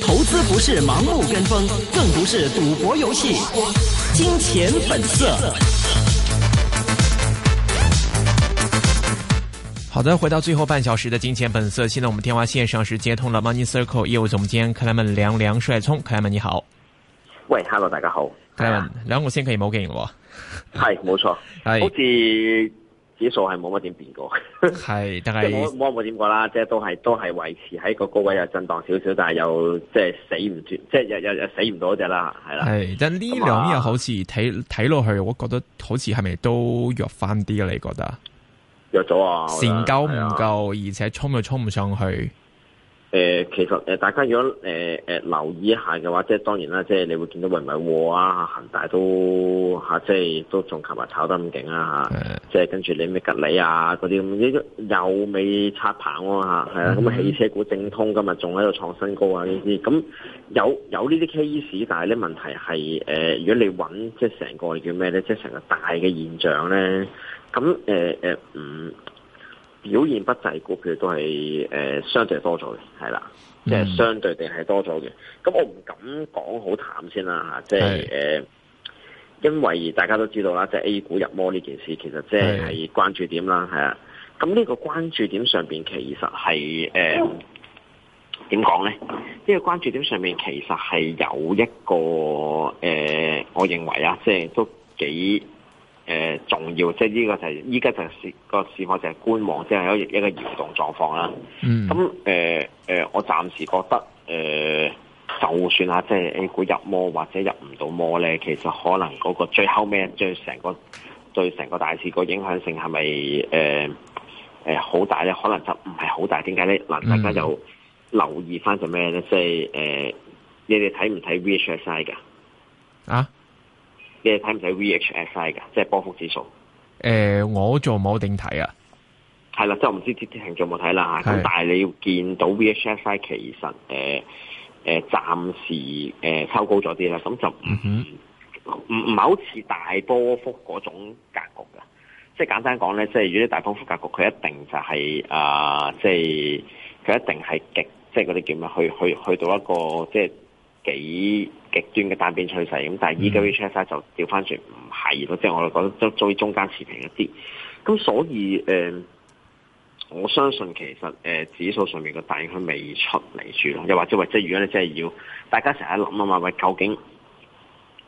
投資不是盲目跟風，更不是賭博遊戲。金錢本色。好的，回到最後半小時的金錢本色。現在我們電話線上是接通了 Money Circle 業務總監克萊門梁梁帥聰。克萊門你好。喂，Hello，大家好。克萊門，兩個先可以冇給我？係，冇錯。係，好似。指數係冇乜點變過，係，但係冇冇冇點過啦，即係都係都係維持喺個高位又震盪少少，但係又即係死唔斷，即係又又又死唔到只啦，係啦。係，但呢兩邊好似睇睇落去，我覺得好似係咪都弱翻啲啊？你覺得弱咗啊？成交唔夠，而且衝又衝唔上去。誒，其實誒，大家如果誒誒、呃呃、留意一下嘅話，即係當然啦，即係你會見到雲米貨啊、恒大都嚇，即係都仲琴日炒得咁勁啦嚇，即係跟住你咩吉利啊嗰啲咁，有未刷棒啊嚇，係啊，咁 啊汽、啊啊、車股正通今日仲喺度創新高啊呢啲，咁有有呢啲 case，但係咧問題係誒、呃，如果你揾即係成個叫咩咧，即係成個，個大嘅現象咧，咁誒誒嗯。呃呃嗯表現不濟股票都係、呃、相對多咗嘅，係啦，mm. 啦，即係相對地係多咗嘅。咁我唔敢講好淡先啦，即係，呃，因為大家都知道啦，即係 A 股入魔呢件事，其實即係關注點啦，係啊。咁呢個關注點上面，其實係點講咧？呃、呢、呢個關注點上面，其實係有一個誒、呃，我認為啊，即係都幾。誒、呃、重要，即係呢個就係依家就係、是那個市我淨係觀望，即、就、係、是、一個一個搖動狀況啦。咁誒誒，我暫時覺得誒、呃，就算啊，即係 A 股入摩或者入唔到摩咧，其實可能嗰個最後尾對成個對成個大市個影響性係咪誒誒好大咧？可能就唔係好大。點解咧？嗱、嗯，大家就留意翻就咩咧？即係誒、呃，你哋睇唔睇 VHSI 㗎？啊？你睇唔睇 VHSI 㗎？即係波幅指數。誒、欸，我做冇定睇啊？係啦，即係我唔知啲聽眾做冇睇啦，咁但係你要見到 VHSI 其實誒誒、呃、暫時誒收、呃、高咗啲啦，咁就唔唔唔唔係好似大波幅嗰種格局㗎。即係簡單講咧，即係如果大波幅格局，佢一定就係、是、啊、呃，即係佢一定係極即係嗰啲叫咩？去去去到一個即係幾？極端嘅單邊趨勢咁，但係而家 which side 就調翻轉唔係咯，即係我覺得即最中間持平一啲。咁所以誒、呃，我相信其實誒、呃、指數上面嘅大影響未出嚟住咯，又或者或者，如果你真係要大家成日諗啊嘛，喂，究竟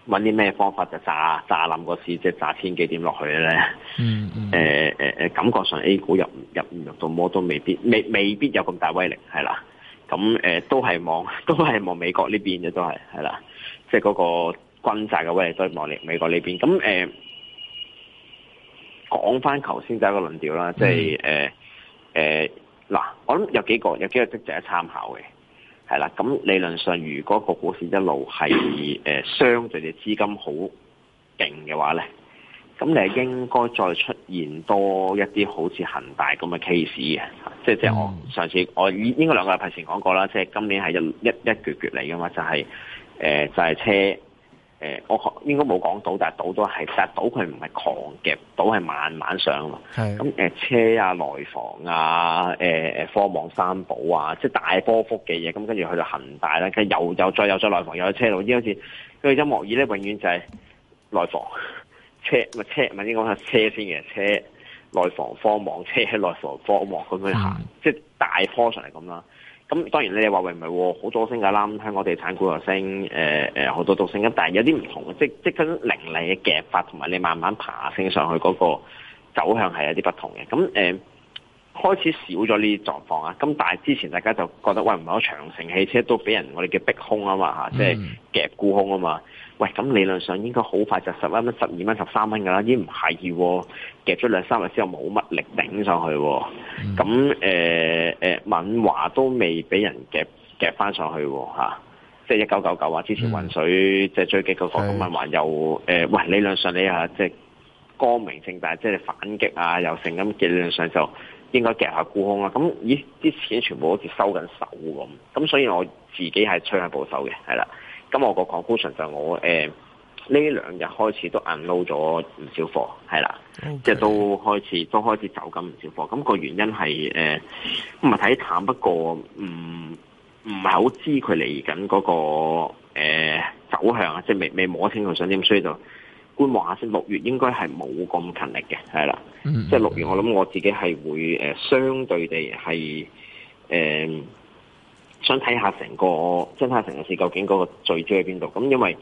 揾啲咩方法就炸炸冧個市，即係炸千、啊啊啊啊、幾點落去咧？嗯嗯、呃。誒、呃、感覺上 A 股入入唔入到摸都未必未未必有咁大威力，係啦。咁、嗯、誒、呃、都係望都係望美國呢邊嘅都係係啦。即係嗰個軍債嘅威力都嚟美國呢邊，咁誒講返頭先第一個論調啦，mm. 即係誒嗱，我諗有幾個有幾個值得參考嘅，係啦。咁理論上，如果個股市一路係誒相對，即、呃、係資金好勁嘅話呢，咁你係應該再出現多一啲好似恒大咁嘅 case 嘅、mm. 即係即係我上次我應該兩個禮拜前講過啦，即係今年係一一一月嚟嘅嘛，就係、是。誒、呃、就係、是、車，誒、呃、我應該冇講到，但係到都係，但係到佢唔係狂嘅，到係慢慢上咯。咁、嗯呃、車啊內房啊，誒、呃、誒科網三寶啊，即係大波幅嘅嘢。咁跟住去到恒大咧，佢又有再有再，再內房，又有車路。依好似佢個音樂椅咧，永遠就係內房、車咪車，唔係應該講車先嘅，車內房、科網、車內房、科網咁樣行，即、那、係、個就是、大波上嚟咁啦。咁當然你話喂唔係喎，好多升㗎啦，香港地產股又升，誒、呃、好多都升，咁但係有啲唔同嘅，即即係凌厲嘅夾法，同埋你慢慢爬升上去嗰個走向係有啲不同嘅。咁誒、呃、開始少咗呢啲狀況啊，咁但係之前大家就覺得喂唔係，長城汽車都俾人我哋嘅逼空啊嘛，嚇，即係夾沽空啊嘛。喂，咁理論上應該好快就十一蚊、十二蚊、十三蚊噶啦，已經唔係，夾咗兩三日之後冇乜力頂上去。咁誒誒，敏華都未俾人夾夾翻上去喎、啊，即係一九九九啊！之前渾水、嗯、即係追擊個港股咁敏華又、呃、喂，理論上你啊即係光明正大即係反擊啊，又成咁，理論上就應該夾下沽空啦、啊。咁咦，啲錢全部好似收緊手咁，咁所以我自己係趨向保守嘅，係啦。咁我個 conclusion 就我誒呢兩日開始都 unload 咗唔少貨，係啦，okay. 即係都開始都開始走緊唔少貨。咁、那個原因係誒咁啊睇淡，不過，唔唔係好知佢嚟緊嗰個、呃、走向啊，即係未未摸清佢想點，所以就觀望下先。六月應該係冇咁勤力嘅，係啦，mm-hmm. 即係六月我諗我自己係會誒、呃、相對地係誒。呃想睇下成個真係成個事究竟嗰個聚焦喺邊度？咁因為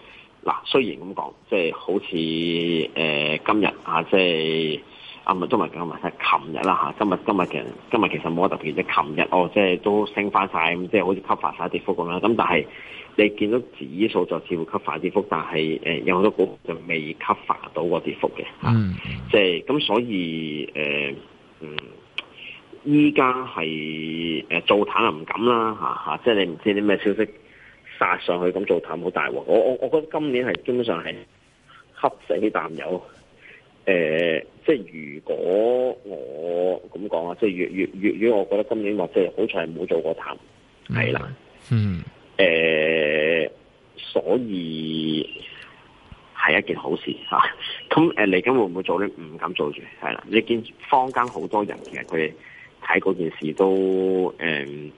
嗱，雖然咁講，即係好似誒、呃、今日啊，即係啊唔係都唔係講埋晒琴日啦吓，今日今日其實今日其實冇特別啫，琴日哦即係都升翻曬，咁即係好似 cover 曬跌幅咁樣。咁但係你見到指數就似乎 cover 跌幅，但係、呃、有好多股就未 cover 到個跌幅嘅、啊 mm. 即係咁所以誒、呃、嗯。依家係誒做淡啊，唔敢啦嚇嚇，即係你唔知啲咩消息殺上去，咁做淡好大鑊。我我我覺得今年係基本上係吸死啲淡友。誒，即係如果我咁講啊，即係越越越，我覺得今年或者好在係冇做過淡，係、mm. 啦。嗯。誒，所以係一件好事嚇。咁誒嚟緊會唔會做呢？唔敢做住，係啦。你見坊間好多人其實佢。睇嗰件事都誒、嗯，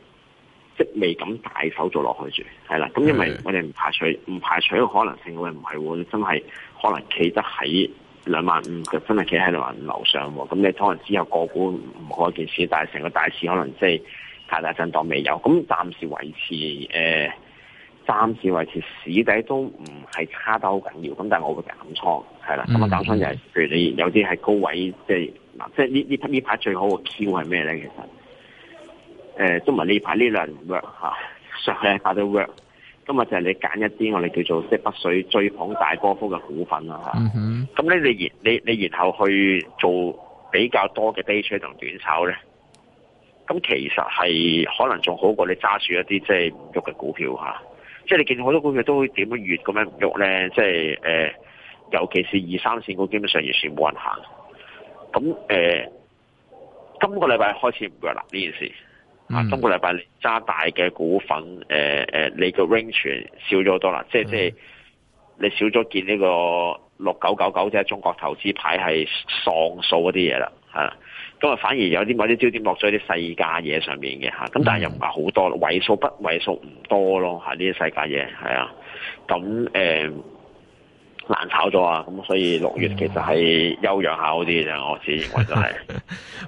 即未敢大手做落去住，係啦。咁因為我哋唔排除，唔排除個可能性，我哋唔係喎，真係可能企得喺兩萬五，佢真係企喺兩萬五樓上喎。咁你可能只有個股唔好一件事，但係成個大市可能即係太大震盪未有，咁暫時維持誒。呃暫時為止市底都唔係差得好緊要，咁但係我會減倉，係啦。咁啊減倉就係、是，譬如你有啲係高位，即係嗱，即係呢呢呢排最好嘅挑係咩咧？其實，誒、呃、都唔係呢排呢兩日 work 上兩日 work，今日就係你揀一啲我哋叫做即係北水追捧大波幅嘅股份啦嚇。咁、嗯、咧、嗯、你然你你然後去做比較多嘅 day trade 同短炒咧，咁其實係可能仲好過你揸住一啲即係唔喐嘅股票。即係你見好多股票都會點樣越咁樣唔喐咧？即係、呃、尤其是二三線股基本上完全冇人行。咁誒、呃，今個禮拜開始唔熱啦呢件事。Mm-hmm. 啊，今個禮拜揸大嘅股份，誒、呃呃、你嘅 range 少咗好多啦。Mm-hmm. 即係即係你少咗見呢個六九九九即係中國投資牌係喪數嗰啲嘢啦，咁反而有啲某啲焦點落咗啲細價嘢上面嘅，咁但係又唔係好多咯、嗯，位數不位數唔多咯，呢啲細價嘢係啊，咁誒、嗯、難炒咗啊，咁所以六月其實係休養下好啲嘅，我自己認為就係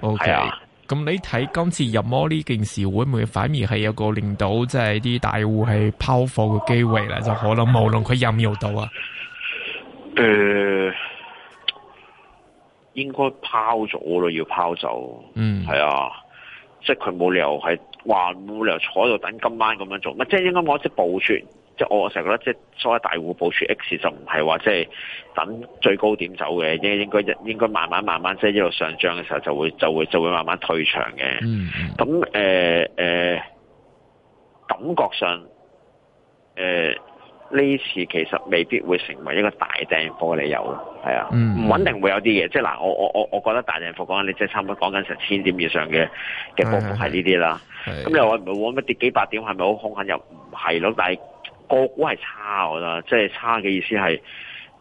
，OK 啊，咁你睇今次入魔呢件事會唔會反而係有個令到即係啲大戶係拋貨嘅機會咧？就可能無論佢入唔入到啊。嗯應該拋咗咯，要拋走。嗯，係啊，即係佢冇理由係話冇理由坐喺度等今晚咁樣做。唔，即係應該我即係部署，即係我成日覺得即係所謂大戶部署。X 就唔係話即係等最高點走嘅，應應該應該慢慢慢慢即係一路上漲嘅時候就會就會就會就會慢慢退場嘅。嗯，咁誒誒，感覺上誒。呃呢次其實未必會成為一個大掟貨嘅理由，係啊，唔、嗯、穩定會有啲嘢，即係嗱，我我我我覺得大掟貨講緊，你即係差唔多講緊成千點以上嘅嘅波幅係呢啲啦。咁又話唔好咩跌幾百點係咪好兇狠？又唔係咯。但係個股係差，我覺得，即係差嘅意思係，誒、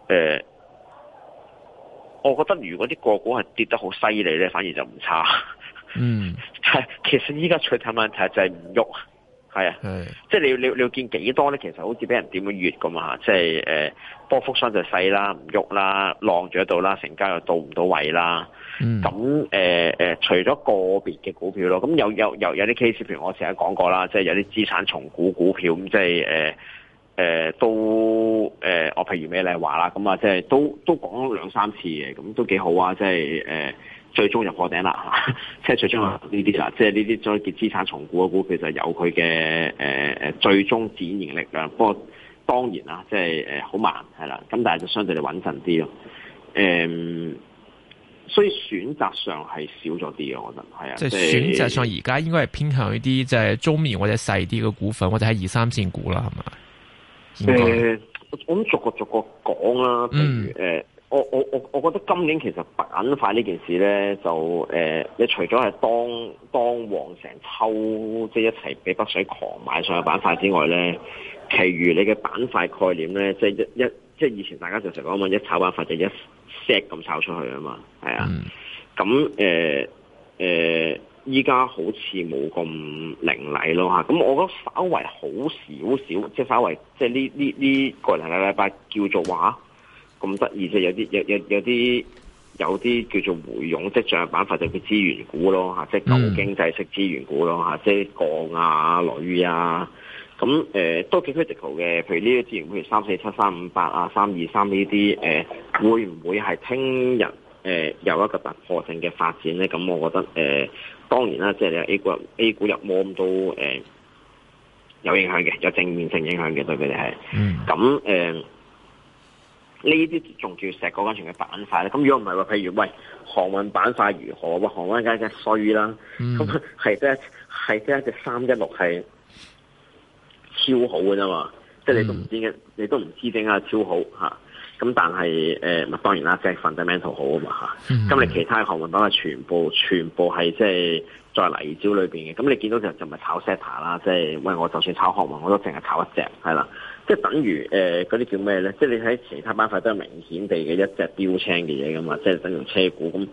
呃，我覺得如果啲個股係跌得好犀利咧，反而就唔差。嗯，係， 其實依家最睇問題就係唔喐。係啊，即係你你，你見見幾多咧？其實好似俾人點樣越咁啊！即係誒，波幅上就細啦，唔喐啦，晾住喺度啦，成交又到唔到位啦。咁誒誒，除咗個別嘅股票咯，咁有有有有啲 case，譬如我成日講過啦，即係有啲資產重估股，股票咁，即係誒誒，都誒、呃，我譬如咩你話啦，咁啊，即係都都講兩三次嘅，咁都幾好啊！即係誒。呃最終入破頂啦，即係最終呢啲啦，即係呢啲咁嘅資產重估股，股其實有佢嘅誒誒最終自然力嘅。不過當然啦，即係誒好慢係啦，咁但係就相對嚟穩陣啲咯。誒、嗯，所以選擇上係少咗啲嘅，我諗係啊。即係選擇上而家應該係偏向一啲即係中面或者細啲嘅股份，或者係二三線股啦，係咪？即我咁逐個逐個講啦，譬如誒。嗯我我我我覺得今年其實板塊呢件事咧就誒，你、呃、除咗係當當旺成秋，即係一齊俾北水狂買上個板塊之外咧，其餘你嘅板塊概念咧，即係一一即係以前大家就成日講話一炒板塊就一 set 咁炒出去啊嘛，係啊，咁誒誒，依、呃、家、呃、好似冇咁凌厲咯嚇，咁我覺得稍微好少少，即係稍微即係呢呢呢個禮禮拜叫做話。咁得意即係有啲有有有啲有啲叫做回勇即上板，或者叫資源股咯嚇，即舊經濟式資源股咯嚇，即鋼啊、鋁啊，咁誒、呃、都幾 critical 嘅。譬如呢啲資源股，譬如三四七、三五八啊、三二三呢啲，誒、呃、會唔會係聽日誒有一個突破性嘅發展咧？咁我覺得誒、呃、當然啦，即係 A 股 A 股入摩都誒、呃、有影響嘅，有正面性影響嘅對佢哋係。咁、嗯、誒。呢啲仲住石哥嗰陣嘅板塊咧，咁如果唔係話，譬如喂航運板塊如何？哇，航運梗係衰啦。咁係即係係即係隻三一六係超好嘅啫嘛，即係你都唔知嘅，你都唔知點解超好嚇。咁但係誒、呃，當然啦，即係 fundamental 好啊嘛嚇。咁、嗯、你其他航運板塊係全部全部係即係在泥沼裏邊嘅。咁你見到其實就唔係炒 set 牌啦，即係喂我就算炒航運我都淨係炒一隻，係啦。即係等於誒嗰啲叫咩咧？即係你喺其他板塊都係明顯地嘅一隻標青嘅嘢噶嘛，即係等於車股咁，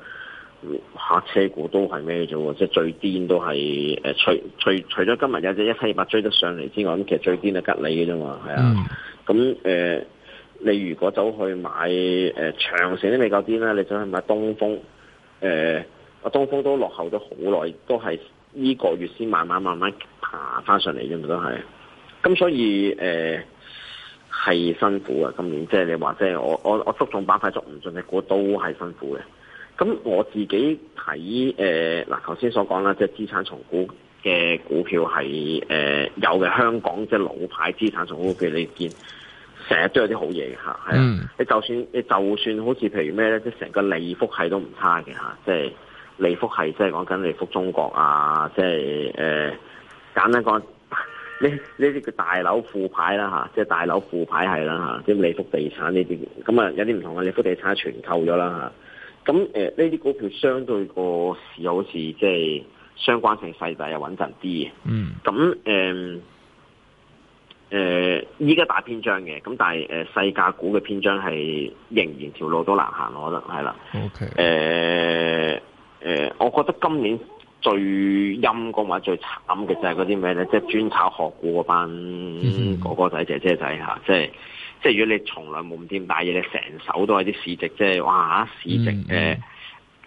下車股都係咩啫喎？即係最巔都係誒、呃，除除除咗今日有一隻一七二八追得上嚟之外，咁其實最巔係吉利嘅啫嘛，係啊。咁、嗯、誒、呃，你如果走去買誒、呃、長城都未夠巔啦，你走去買東風，誒、呃，東風都落後咗好耐，都係呢個月先慢慢慢慢爬翻上嚟嘅，嘛。都係。咁所以誒、呃係辛苦啊，今年即係你話，即係我我我捉重板塊，捉唔進隻股都係辛苦嘅。咁我自己睇誒，嗱，頭先所講啦，即係資產重估嘅股票係誒、呃、有嘅。香港即係、就是、老牌資產重估嘅，你見成日都有啲好嘢吓，係啊、mm.。你就算你就算好似譬如咩咧，即係成個利福系，都唔差嘅吓，即、就、係、是、利福系即係講緊利福中國啊，即係誒簡單講。呢呢啲叫大樓副牌啦，即係大樓副牌係啦，即係利福地產呢啲咁啊，有啲唔同嘅，利福地產全購咗啦，咁呢啲股票相對個市好似即係相關性細細又穩陣啲嘅。嗯。咁誒依家大篇章嘅，咁但係誒、呃、細價股嘅篇章係仍然條路都難行，我覺得係啦。O、okay. K、呃。誒、呃、誒，我覺得今年。最陰功或者最慘嘅就係嗰啲咩咧？即、就、係、是、專炒學股嗰班哥哥仔姐姐仔嚇、啊，即係即係如果你從來冇唔掂大嘢，你成手都係啲市值，即係哇市值誒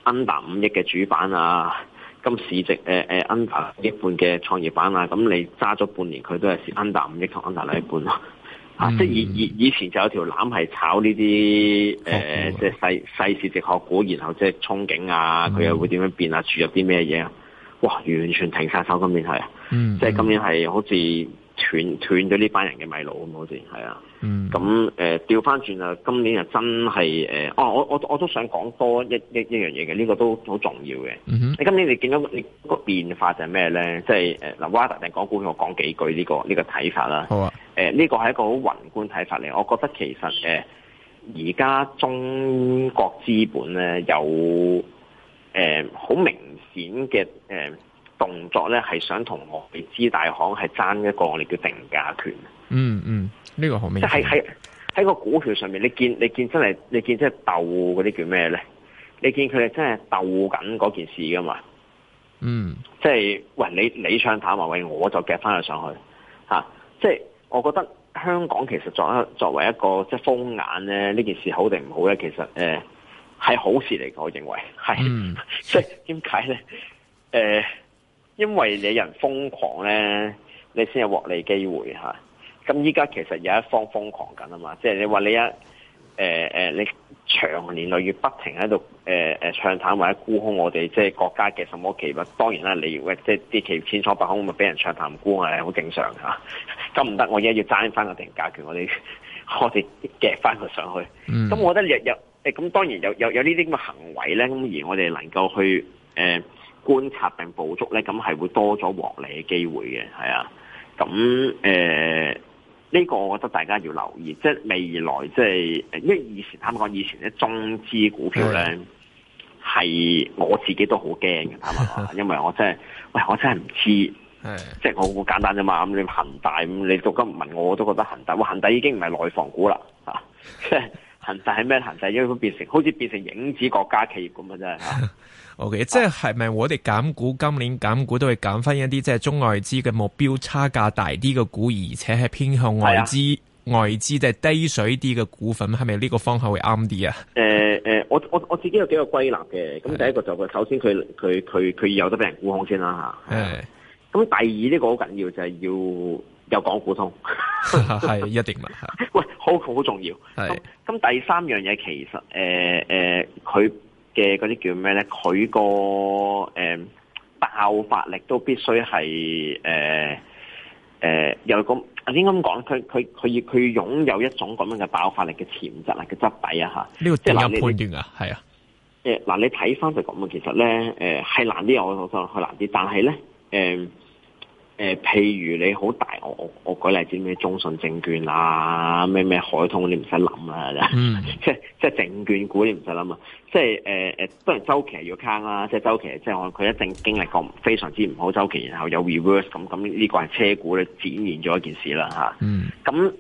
under 五億嘅主板啊，咁市值誒誒 under 一半嘅創業板啊，咁你揸咗半年佢都係 under 五億同 under 一半咯、啊嗯，啊！即係以以以前就有一條攬係炒呢啲誒，即、呃、係、哦就是、細細市值學股，然後即係憧憬啊，佢、嗯、又會點樣變啊？注入啲咩嘢啊？哇！完全停曬手今年啊嗯，即係今年係好似斷斷咗呢班人嘅迷路咁，好似係啊，嗯，咁誒調翻轉啊，今年又真係哦、呃，我我我都想講多一一一樣嘢嘅，呢、這個都好重要嘅，嗯你今年你見到你、那個變化就係咩咧？即係誒嗱，Wada 定港股我講幾句呢、這個呢、這個睇法啦，好啊，誒、呃、呢、這個係一個好宏觀睇法嚟，我覺得其實誒而家中國資本咧有。誒、呃，好明顯嘅誒動作咧，係想同我哋外資大行係爭一個我哋叫定價權。嗯嗯，呢、這個好明。即係喺喺個股票上面，你見你見真係，你見真係鬥嗰啲叫咩咧？你見佢哋真係鬥緊嗰件事噶嘛？嗯，即係喂，你你唱淡埋喂，我就夾翻佢上去，吓、啊，即係我覺得香港其實作一作為一個即係風眼咧，呢件事好定唔好咧，其實誒。呃係好事嚟，我認為係，即係點解咧？誒、嗯 呃，因為你人瘋狂咧，你先有獲利機會吓。咁依家其實有一方瘋狂緊啊嘛，即係你話你一誒誒、呃，你長年累月不停喺度誒誒唱淡或者沽空我哋即係國家嘅什麼企業。當然啦，你即係啲企業千瘡百孔，咪俾人唱淡沽啊，好正常吓。咁唔得，我而家要爭翻個定價權，我哋 我哋夾翻佢上去。咁、嗯、我覺得日日。誒，咁當然有有有呢啲咁嘅行為咧，咁而我哋能夠去誒、呃、觀察並捕捉咧，咁係會多咗獲利嘅機會嘅，係啊。咁誒呢個，我覺得大家要留意，即係未來、就是，即係因為以前啱講，以前啲中資股票咧係、right. 我自己都好驚嘅，啱唔啱啊？因為我真係，喂，我真係唔知， 即係我好簡單啫嘛。咁你恒大，咁你讀唔問我都覺得恒大，恒大已經唔係內房股啦，啊即 恒勢係咩行勢？因為佢變成好似變成影子國家企業咁嘅啫。啊、 o、okay, K，、啊、即係咪我哋減股今年減股都會減翻一啲即係中外資嘅目標差價大啲嘅股，而且係偏向外資、啊、外資即係低水啲嘅股份，係咪呢個方向會啱啲啊？誒、欸、誒、欸，我我我自己有幾個歸納嘅，咁第一個就係首先佢佢佢佢有得俾人沽空先啦吓。誒，咁、嗯、第二呢個好緊要就係要。又講普通，係 一定係。 喂，好好重要。咁，第三樣嘢其實誒誒，佢嘅嗰啲叫咩咧？佢個、呃、爆發力都必須係誒誒有一個，我應該咁講，佢佢佢要佢擁有一種咁樣嘅爆發力嘅潛質啊，嘅質底啊，嚇。呢個即係判斷啊，係啊。嗱，你睇翻就咁啊。其實咧，係、呃、難啲，我我覺得係難啲。但係咧，呃誒、呃，譬如你好大，我我，我舉例子咩？中信證券啊，咩咩海通，你唔使諗啦，即、mm. 即證券股你唔使諗啊，即係誒誒，係、呃、當然週期係要坑啦、啊，即係週期即係我佢一定經歷過非常之唔好週期，然後有 reverse 咁咁，呢個係車股咧，展現咗一件事啦，咁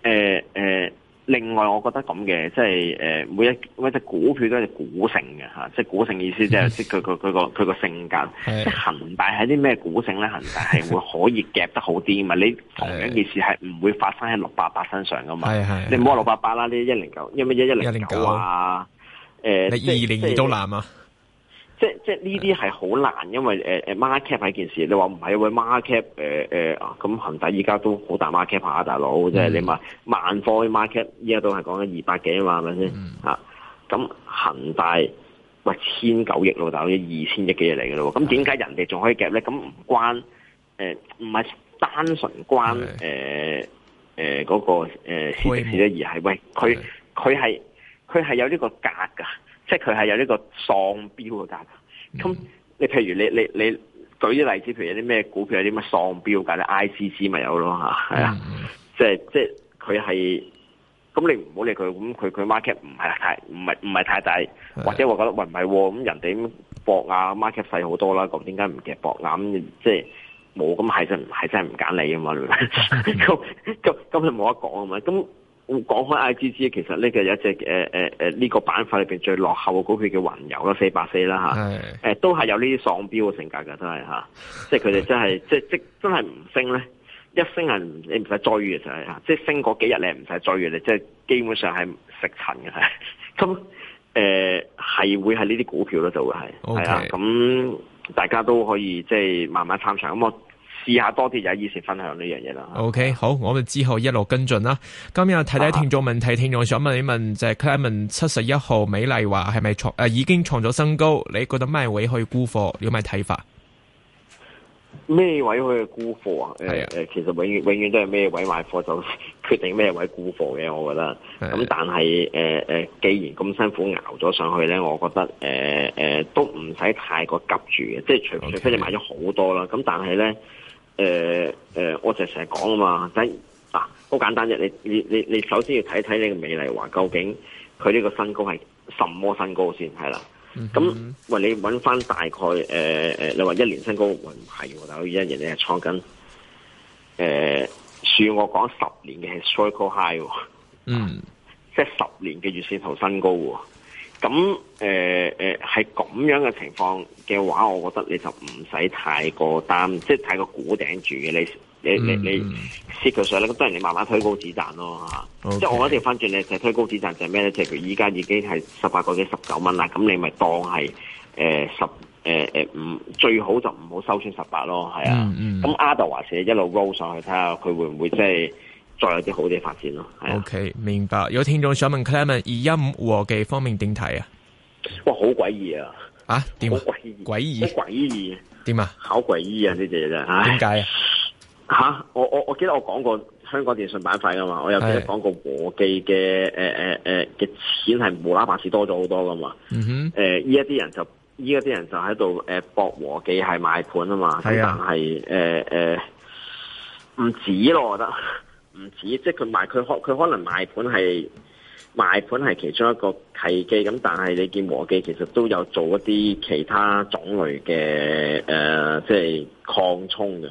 誒另外，我覺得咁嘅，即係誒，每一每隻股票都係股性嘅嚇，即係股性意思即係即佢佢佢個佢個性格，即係恒大係啲咩股性咧？恒大係會可以夾得好啲嘛？ 你同一件事係唔會發生喺六八八身上噶嘛？係係係係你唔好話六八八啦，呢一零九因咩一一零九啊？誒、呃，你二零二都難啊！即即呢啲係好難，因為誒、呃、market 係件事。你話唔係因為 market 誒誒咁恒大依家都好大 market 嚇、啊、大佬，即、嗯、係你問萬科嘅 market 依家都係講緊二百幾、嗯、啊嘛，係咪先？嚇咁恒大八千九億咯，大佬二千億嘅嘢嚟㗎咯。咁點解人哋仲可以夾咧？咁唔關誒，唔、呃、係單純關誒嗰、嗯呃呃那個誒市況啫，而係喂佢佢係佢係有呢個價㗎。即係佢係有呢個喪標嘅價格，咁你譬如你你你，你舉啲例子，譬如有啲咩股票有啲咩喪標㗎？你 I C C 咪有咯吓，係啊、mm-hmm.，即係即係佢係，咁你唔好理佢，咁佢佢 market 唔係太唔係唔係太大，或者我覺得唔係喎，咁、哎、人哋搏啊 market 細好多啦，咁點解唔夾搏啊？咁、啊、即係冇咁係真係真係唔揀你啊嘛，咁咁冇得講啊嘛，咁。講開 IGG，其實呢個有一隻誒誒誒呢個板塊裏邊最落後嘅股票叫雲遊啦，四百四啦吓，誒、呃、都係有呢啲喪標嘅性格噶，都係吓、啊，即係佢哋真係即即真係唔升咧，一升係你唔使再追嘅就係、是、吓、啊，即係升嗰幾日你唔使再追嘅，你即係基本上係食塵嘅係，咁誒係會係呢啲股票咯就會係，係、okay. 啊，咁、嗯、大家都可以即係慢慢參詳咁、嗯、我。以下多啲就以前分享呢樣嘢啦。OK，好，我哋之後一路跟進啦。今日睇睇聽眾問題，啊、聽眾想問一問，就係 Clement 七十一號美麗華係咪創誒已經創咗新高？你覺得咩位可以沽貨？有咩睇法？咩位可以沽貨啊？誒、呃、其實永遠永遠都係咩位買貨就決定咩位沽貨嘅。我覺得咁、啊，但係誒誒，既然咁辛苦熬咗上去咧，我覺得誒誒、呃呃、都唔使太過急住嘅，即係除非除非你買咗好多啦。咁但係咧。誒、呃、誒、呃，我就成日講啊嘛，嗱好、啊、簡單啫，你你你你，你你首先要睇睇你嘅美麗華究竟佢呢個新高係什麼新高先，係啦。咁、mm-hmm. 喂、呃，你搵翻大概誒誒、呃，你話一年新高唔係，但我依家人哋係創緊誒，我講十年嘅最高 high，嗯，即係十年嘅月綫圖新高。呃咁誒誒係咁樣嘅情況嘅話，我覺得你就唔使太過擔，即係太過股頂住嘅你你你你 sit 佢，mm-hmm. 上咧，咁當然你慢慢推高指彈咯，okay. 即係我一定返轉你，就推高指彈就係咩咧？就係佢依家已經係十八個幾十九蚊啦，咁你咪當係誒、呃、十誒誒唔最好就唔好收穿十八咯，係啊。咁阿道話寫一路 roll 上去睇下佢會唔會即係。再有啲好啲發展咯。O、okay, K，啊、明白。有聽眾想問 Clement，二一五和記方面點睇啊？哇，好詭異啊！啊，點啊？詭異，詭異，點啊？好詭異啊！呢隻嘢真係點解啊？我我我記得我講過香港電信板塊噶嘛，我又記得講過和記嘅誒誒嘅錢係無啦啦，還多咗好多噶嘛。嗯哼。誒、呃，依一啲人就依一啲人就喺度誒博和記係買盤啊嘛。係啊。但係誒唔止咯，我覺得。唔止，即係佢賣佢可佢可能賣盤係賣盤係其中一個契機咁，但係你見和記其實都有做一啲其他種類嘅誒、呃，即係擴充嘅。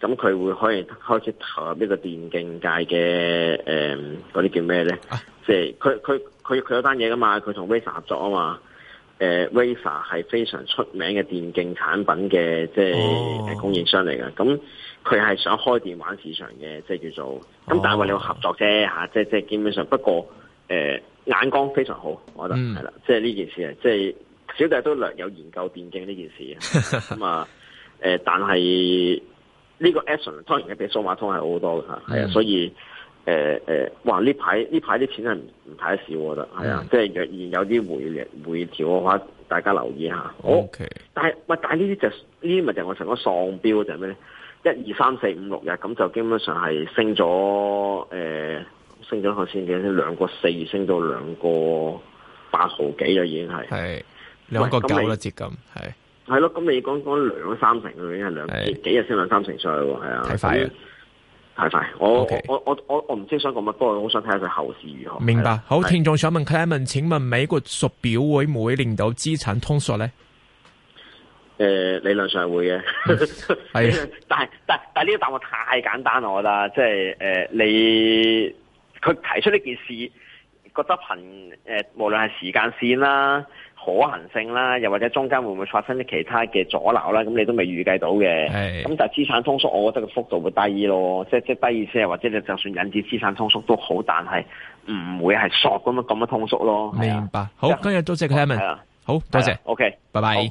咁、嗯、佢會可以開始投入呢個電競界嘅誒嗰啲叫咩咧、啊？即係佢佢佢佢有單嘢噶嘛？佢同 Razer 合作啊嘛？誒、呃、，Razer 係非常出名嘅電競產品嘅即係供應商嚟嘅。咁、嗯佢係想開電玩市場嘅，即係叫做咁，但係話你要合作啫嚇，即係即係基本上。不過誒、呃，眼光非常好，我覺得啦。即係呢件事啊，即係、就是、小弟都略有研究電競呢件事啊。咁啊、嗯、但係呢、這個 action 當然比數碼通係好好多㗎。係、嗯、啊。所以誒誒、呃呃，哇！呢排呢排啲錢係唔太少，我覺得係啊。即、嗯、係、就是、若然有啲回回調嘅話，大家留意一下。O、okay, K、哦。但係喂、呃，但係呢啲就呢啲咪就係我成個講喪標就係咩咧？一二三四五六日咁就基本上係升咗，誒、呃，升咗先幾升兩個四，升到兩個八毫幾啊，已經係係兩個九啦，接近咁係係咯，咁你講講兩三成，已經係兩幾日先兩三成上去係啊，太快，太快，我、okay、我我我我唔知想講乜，不過我想睇下佢後事如何。明白，好，聽眾想問 Clement，請問美國縮表會唔會令到資產通縮咧？誒，理論上係會嘅，係，但係但係但係呢個答案太簡單啦，我覺得即係誒，你佢提出呢件事個執行誒、呃，無論係時間線啦、可行性啦，又或者中間會唔會發生啲其他嘅阻撓啦，咁你都未預計到嘅。係，咁但係資產通縮，我覺得個幅度會低咯，即即係低意思係，或者你就算引致資產通縮都好，但係唔會係索咁樣咁樣通縮咯。是明白。好，是今日、哦、多謝 Clement，、okay, 好多謝，OK，拜拜。